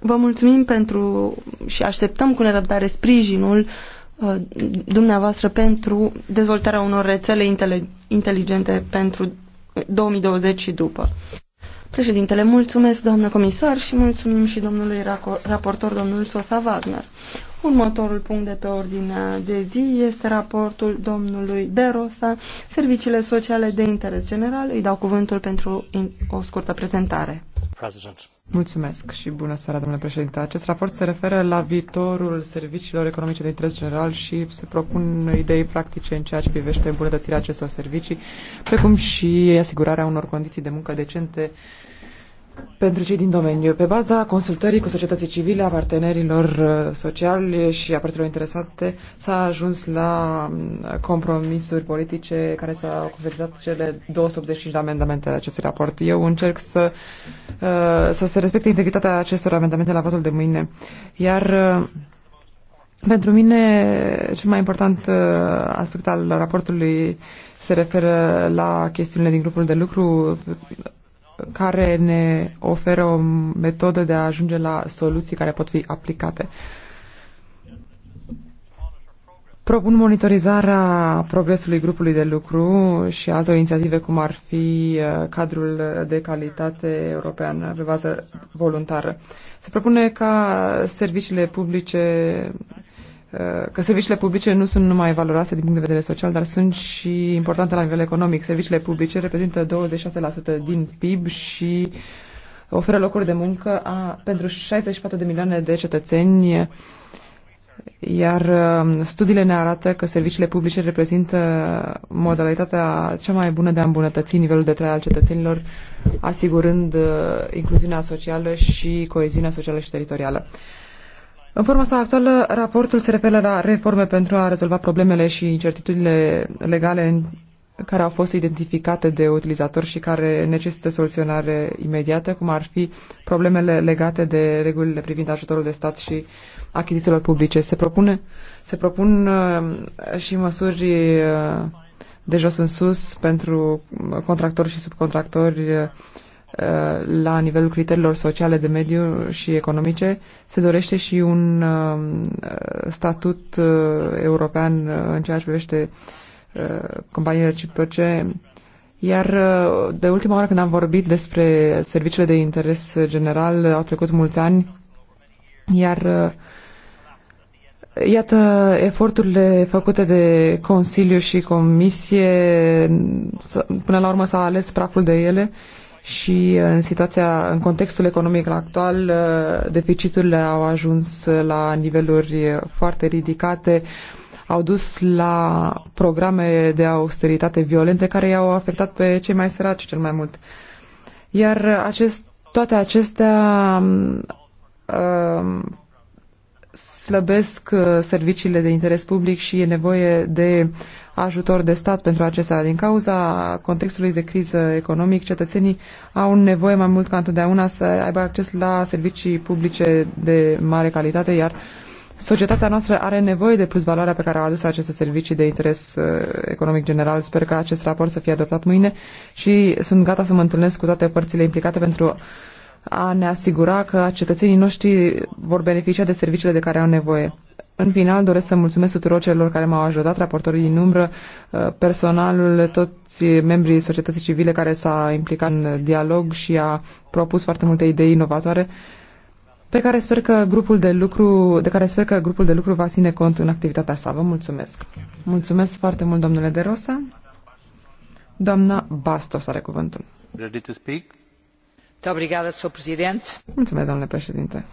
Vă mulțumim pentru și așteptăm cu nerăbdare sprijinul uh, dumneavoastră pentru dezvoltarea unor rețele intele, inteligente pentru 2020 și după. Președintele, mulțumesc, doamnă comisar, și mulțumim și domnului raportor, domnul Sosa Wagner. Următorul punct de pe ordinea de zi este raportul domnului De Rosa, Serviciile Sociale de Interes General. Îi dau cuvântul pentru o scurtă prezentare. President. Mulțumesc și bună seara, domnule președinte. Acest raport se referă la viitorul serviciilor economice de interes general și se propun idei practice în ceea ce privește îmbunătățirea acestor servicii, precum și asigurarea unor condiții de muncă decente pentru cei din domeniu. Pe baza consultării cu societății civile, a partenerilor uh, sociali și a părților interesate, s-a ajuns la mm, compromisuri politice care s-au concretizat cele 285 de amendamente ale acestui raport. Eu încerc să, uh, să se respecte integritatea acestor amendamente la votul de mâine. Iar uh, pentru mine, cel mai important aspect al raportului se referă la chestiunile din grupul de lucru care ne oferă o metodă de a ajunge la soluții care pot fi aplicate. Propun monitorizarea progresului grupului de lucru și altor inițiative, cum ar fi uh, cadrul de calitate european pe bază voluntară. Se propune ca serviciile publice Uh, că serviciile publice nu sunt numai valoroase din punct de vedere social, dar sunt și importante la nivel economic. Serviciile publice reprezintă 26% din PIB și oferă locuri de muncă a, pentru 64 de milioane de cetățeni, iar um, studiile ne arată că serviciile publice reprezintă modalitatea cea mai bună de a îmbunătăți nivelul de trai al cetățenilor, asigurând uh, incluziunea socială și coeziunea socială și teritorială. În forma sa actuală, raportul se referă la reforme pentru a rezolva problemele și incertitudinile legale în care au fost identificate de utilizatori și care necesită soluționare imediată, cum ar fi problemele legate de regulile privind ajutorul de stat și achizițiilor publice. Se, propune, se propun uh, și măsuri uh, de jos în sus pentru contractori și subcontractori uh, Uh, la nivelul criteriilor sociale de mediu și economice, se dorește și un uh, statut uh, european în ceea ce privește companiile reciproce. Iar de ultima oară când am vorbit despre serviciile de interes general, au trecut mulți ani, iar Iată, eforturile făcute de Consiliu și Comisie, până la urmă s-a ales praful de ele și uh, în situația, în contextul economic actual, uh, deficiturile au ajuns la niveluri foarte ridicate, au dus la programe de austeritate violente care i-au afectat pe cei mai săraci cel mai mult. Iar acest, toate acestea um, slăbesc uh, serviciile de interes public și e nevoie de ajutor de stat pentru acesta. Din cauza contextului de criză economic, cetățenii au nevoie mai mult ca întotdeauna să aibă acces la servicii publice de mare calitate, iar societatea noastră are nevoie de plus valoarea pe care au adus aceste servicii de interes uh, economic general. Sper că acest raport să fie adoptat mâine și sunt gata să mă întâlnesc cu toate părțile implicate pentru a ne asigura că cetățenii noștri vor beneficia de serviciile de care au nevoie. În final, doresc să mulțumesc tuturor celor care m-au ajutat, raportorii din umbră, uh, personalul, toți membrii societății civile care s-a implicat în dialog și a propus foarte multe idei inovatoare pe care sper că grupul de lucru, de care sper că grupul de lucru va ține cont în activitatea sa. Vă mulțumesc. Mulțumesc foarte mult, domnule De Rosa. Doamna Bastos are cuvântul. Ready to speak? domnule președinte.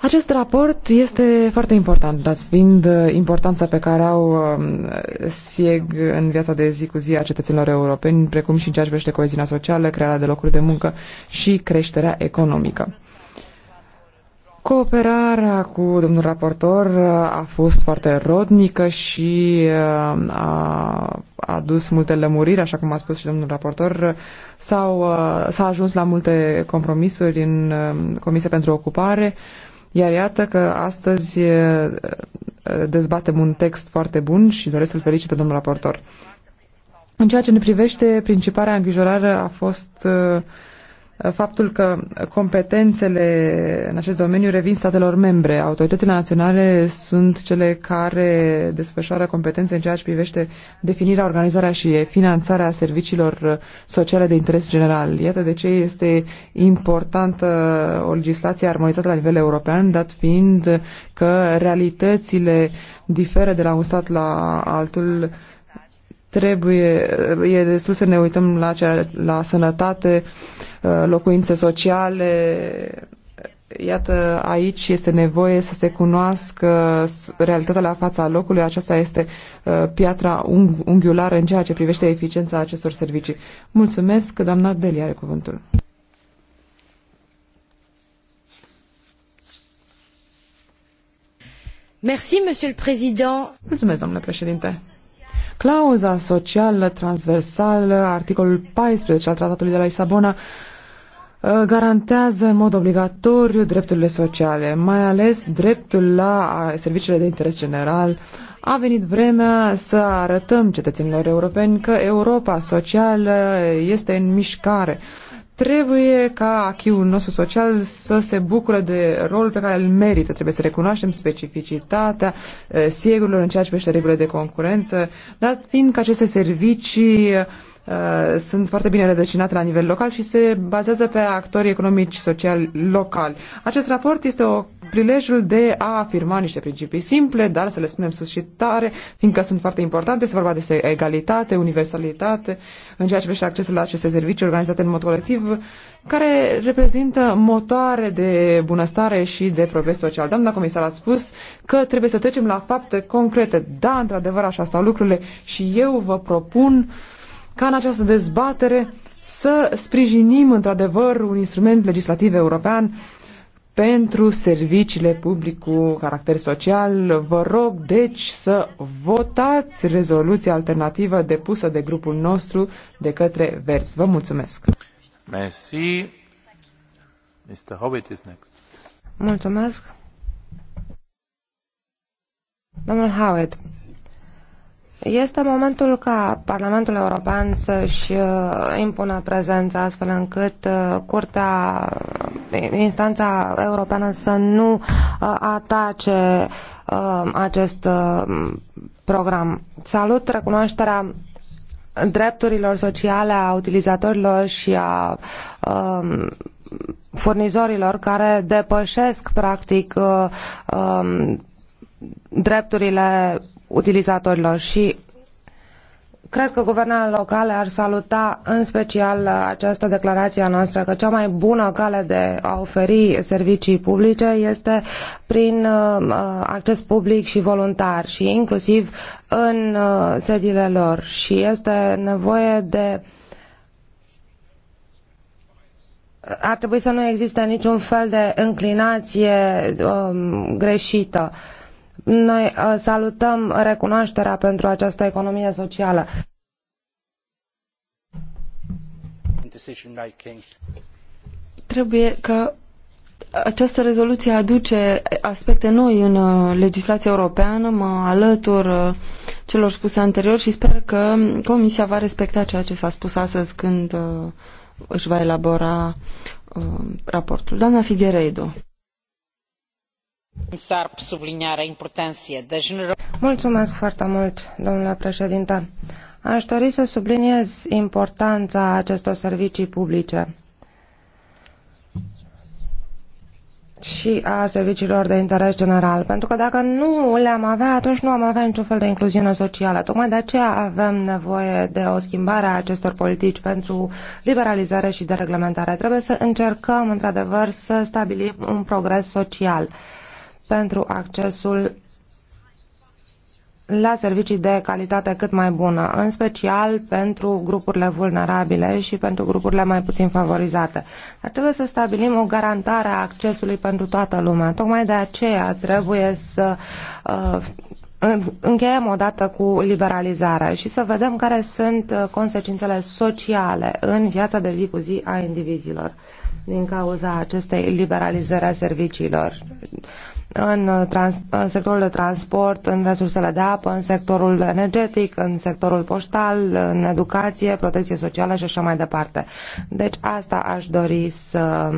Acest raport este foarte important, dat fiind uh, importanța pe care au um, SIEG în viața de zi cu zi a cetățenilor europeni, precum și în ceea ce privește coeziunea socială, crearea de locuri de muncă și creșterea economică. Cooperarea cu domnul raportor a fost foarte rodnică și uh, a adus multe lămuriri, așa cum a spus și domnul raportor. s uh, s-a ajuns la multe compromisuri în uh, Comisia pentru Ocupare, iar iată că astăzi dezbatem un text foarte bun și doresc să-l felicit pe domnul raportor. În ceea ce ne privește, principala îngrijorare a fost uh, faptul că competențele în acest domeniu revin statelor membre. Autoritățile naționale sunt cele care desfășoară competențe în ceea ce privește definirea, organizarea și finanțarea serviciilor sociale de interes general. Iată de ce este importantă o legislație armonizată la nivel european, dat fiind că realitățile diferă de la un stat la altul trebuie, e destul să ne uităm la, cea, la sănătate, Uh, locuințe sociale. Iată, aici este nevoie să se cunoască realitatea la fața locului. Aceasta este uh, piatra unghiulară în ceea ce privește eficiența acestor servicii. Mulțumesc, doamna Delia, are cuvântul. Merci, monsieur le président. Mulțumesc, domnule președinte. Clauza socială transversală, articolul 14 al Tratatului de la Lisabona, Uh, garantează în mod obligatoriu drepturile sociale, mai ales dreptul la uh, serviciile de interes general. A venit vremea să arătăm cetățenilor europeni că Europa socială este în mișcare. Trebuie ca achiul nostru social să se bucure de rolul pe care îl merită. Trebuie să recunoaștem specificitatea uh, sigurilor în ceea ce privește regulile de concurență, dar fiindcă că aceste servicii Uh, sunt foarte bine rădăcinate la nivel local și se bazează pe actorii economici, sociali, locali. Acest raport este o prilejul de a afirma niște principii simple, dar să le spunem sus și tare, fiindcă sunt foarte importante. Se vorba despre egalitate, universalitate, în ceea ce privește accesul la aceste servicii organizate în mod colectiv, care reprezintă motoare de bunăstare și de progres social. Doamna comisar a spus că trebuie să trecem la fapte concrete. Da, într-adevăr, așa stau lucrurile și eu vă propun uh, ca în această dezbatere să sprijinim într-adevăr un instrument legislativ european pentru serviciile public cu caracter social. Vă rog, deci, să votați rezoluția alternativă depusă de grupul nostru de către Vers. Vă mulțumesc! Merci. Mr. Hobbit is next. Mulțumesc. Domnul Howard, este momentul ca Parlamentul European să-și uh, impună prezența astfel încât uh, Curtea, uh, instanța europeană să nu atace acest program. Salut recunoașterea drepturilor sociale a utilizatorilor și a um, furnizorilor care depășesc practic um, drepturile utilizatorilor și cred că guvernele locale ar saluta în special această declarație a noastră că cea mai bună cale de a oferi servicii publice este prin uh, uh, acces public și voluntar și inclusiv în uh, sediile lor și este nevoie de ar trebui să nu existe niciun fel de înclinație um, greșită. Uh, noi uh, salutăm recunoașterea pentru această economie socială. Trebuie că această rezoluție aduce aspecte noi în uh, legislația europeană, mă alătur uh, celor spuse anterior și sper că Comisia va respecta ceea ce s-a spus astăzi când își va elabora raportul. Doamna Figueiredo. Mulțumesc foarte mult, domnule președinte. Aș dori să subliniez importanța acestor servicii publice și a serviciilor de interes general. Pentru că dacă nu le-am avea, atunci nu am avea niciun fel de incluziune socială. Tocmai de aceea avem nevoie de o schimbare a acestor politici pentru liberalizare și dereglementare. Trebuie să încercăm, într-adevăr, să stabilim un progres social pentru accesul la servicii de calitate cât mai bună, în special pentru grupurile vulnerabile și pentru grupurile mai puțin favorizate. Dar trebuie să stabilim o garantare a accesului pentru toată lumea. Tocmai de aceea trebuie să uh, încheiem odată cu liberalizarea și să vedem care sunt uh, consecințele sociale în viața de zi cu zi a indivizilor din cauza acestei liberalizări a serviciilor în, uh, trans, în sectorul de transport, în resursele de apă, în sectorul energetic, în sectorul poștal, în educație, protecție socială și așa mai departe. Deci asta aș dori să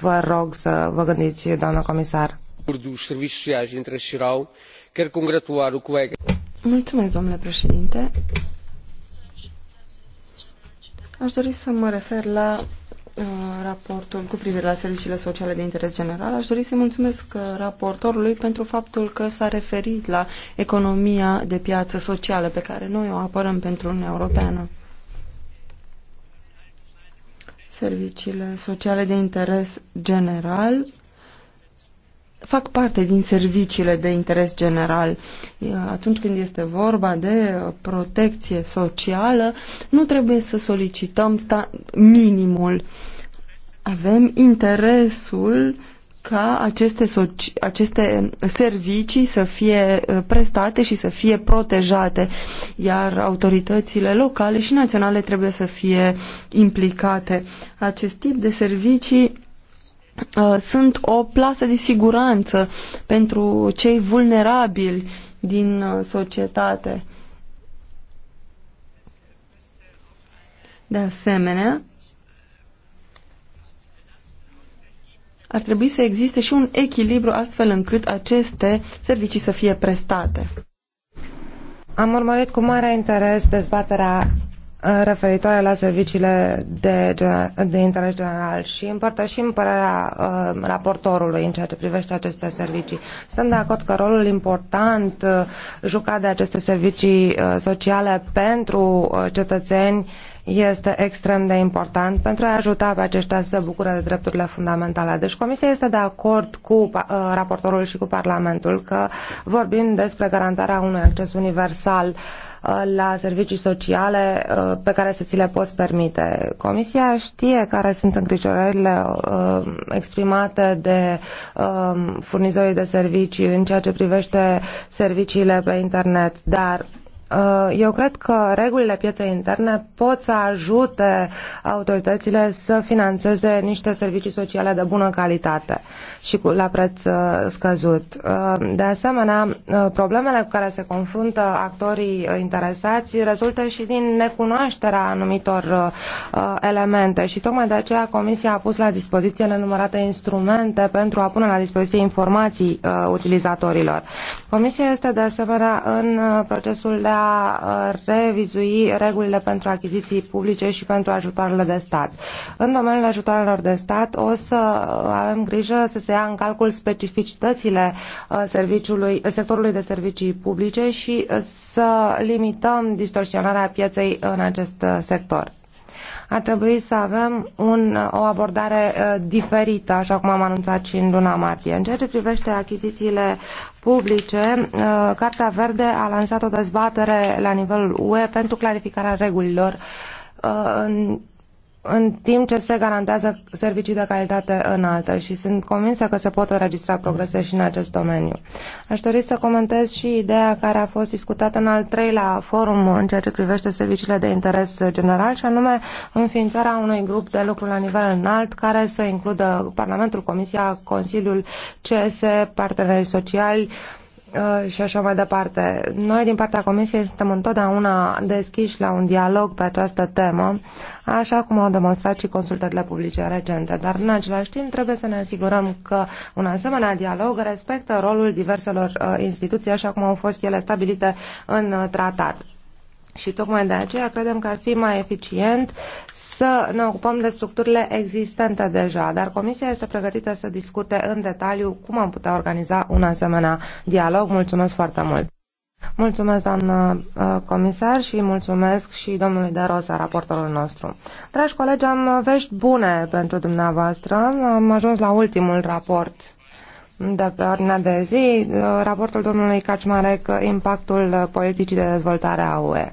vă rog să vă gândiți, doamnă comisar. Dos serviços sociais internacional, quero congratular o colega. Mulțumesc, domnule președinte. Aș dori să mă refer la Uh, raportul cu privire la serviciile sociale de interes general, aș dori să-i mulțumesc uh, raportorului pentru faptul că s-a referit la economia de piață socială pe care noi o apărăm pentru Uniunea Europeană. Serviciile sociale de interes general fac parte din serviciile de interes general. Atunci când este vorba de protecție socială, nu trebuie să solicităm sta minimul. Avem interesul ca aceste, aceste servicii să fie prestate și să fie protejate, iar autoritățile locale și naționale trebuie să fie implicate. Acest tip de servicii Uh, sunt o plasă de siguranță pentru cei vulnerabili din uh, societate. De asemenea, ar trebui să existe și un echilibru astfel încât aceste servicii să fie prestate. Am urmărit cu mare interes dezbaterea referitoare la serviciile de, de interes general și împărtășim părerea uh, raportorului în ceea ce privește aceste servicii. Sunt de acord că rolul important uh, jucat de aceste servicii uh, sociale pentru uh, cetățeni uh, este extrem de important pentru a ajuta pe aceștia să se bucure de drepturile fundamentale. Deci Comisia este de acord cu uh, raportorul și cu Parlamentul că vorbim despre garantarea unui acces universal uh, la servicii sociale uh, pe care să ți le poți permite. Comisia știe care sunt îngrijorările exprimate de furnizorii de servicii în ceea ce privește serviciile pe internet, dar Uh, eu cred că regulile pieței interne pot să ajute autoritățile să financeze niște servicii sociale de bună calitate și cu, la preț uh, scăzut. Uh, de asemenea, problemele cu care se confruntă actorii interesați rezultă și din necunoașterea anumitor elemente și tocmai de aceea Comisia a pus la dispoziție nenumărate instrumente pentru a pune la dispoziție informații utilizatorilor. Comisia este de asemenea în procesul de a a revizui regulile pentru achiziții publice și pentru ajutoarele de stat. În domeniul ajutoarelor de stat o să avem grijă să se ia în calcul specificitățile uh, serviciului, uh, sectorului de servicii publice și uh, să limităm distorsionarea pieței în acest sector ar trebui să avem un, o abordare uh, diferită, așa cum am anunțat și în luna martie. În ceea ce privește achizițiile publice, uh, Cartea Verde a lansat o dezbatere la nivelul UE pentru clarificarea regulilor uh, în timp ce se garantează servicii de calitate înaltă și sunt convinsă că se pot înregistra progrese și în acest domeniu. Aș dori să comentez și ideea care a fost discutată în al treilea forum în ceea ce privește serviciile de interes general și anume înființarea unui grup de lucru la nivel înalt care să includă Parlamentul, Comisia, Consiliul, CS, partenerii sociali, uh, Uh, și așa mai departe. Noi, din partea Comisiei, suntem întotdeauna deschiși la un dialog pe această temă, așa cum au demonstrat și consultările publice recente. Dar, în același timp, trebuie să ne asigurăm că un asemenea dialog respectă rolul diverselor uh, instituții, așa cum au fost ele stabilite în uh, tratat. Și tocmai de aceea credem că ar fi mai eficient să ne ocupăm de structurile existente deja, dar Comisia este pregătită să discute în detaliu cum am putea organiza un asemenea dialog. Mulțumesc foarte mult! Mulțumesc, doamnă uh, comisar, și mulțumesc și domnului De Rosa, raportorul nostru. Dragi colegi, am vești bune pentru dumneavoastră. Am ajuns la ultimul raport de pe ordinea de zi, uh, raportul domnului Kaczmarek, impactul politicii de dezvoltare a UE.